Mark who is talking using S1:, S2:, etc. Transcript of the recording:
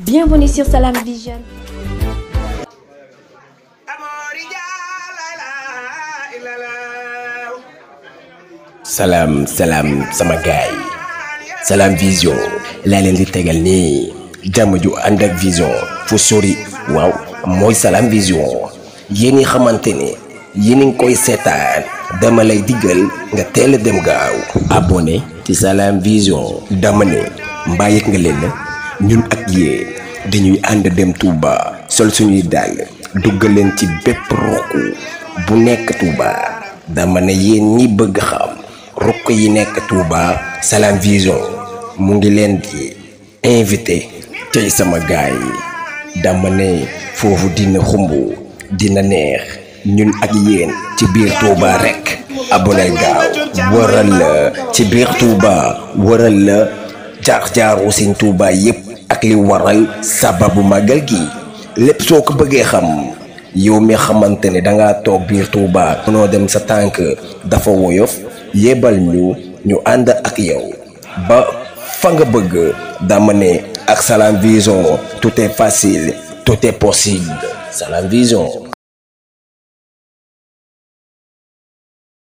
S1: Bienvenue sur Salam Vision. salaam salaam sama gaay Salam Vision laa leen di tegal nii jàmm ju ànd ak vision fu sori waaw mooy Salam Vision yéen xamante ne yéen ngi koy seetaan dama lay diggal nga teel a dem gaaw abonné ci Salam Vision dama ne mbaa nga leen ñun ak yéen dañuy ànd dem Touba sol suñuy dàll dugg leen ci bépp ruq bu nekk Touba dama ne yéen ñi bëgg xam ruq yi nekk Touba Salam Vision mu ngi leen di invité tey sama gaay yi dama ne foofu dina xumb dina neex ñun ak yéen ci biir Touba rek abonel gaaw waral la ci biir Touba waral la jaar jaaru Sëñ Touba yépp ak li waral sababu màggal gi lépp soo ko bëggee xam yow mi xamante ne danga toog biir Touba mënoo dem sa tànk dafa woyof yebal ñu ñu ànd ak yow ba fa nga bëgg dama ne ak Salam Vision tout est facile tout est possible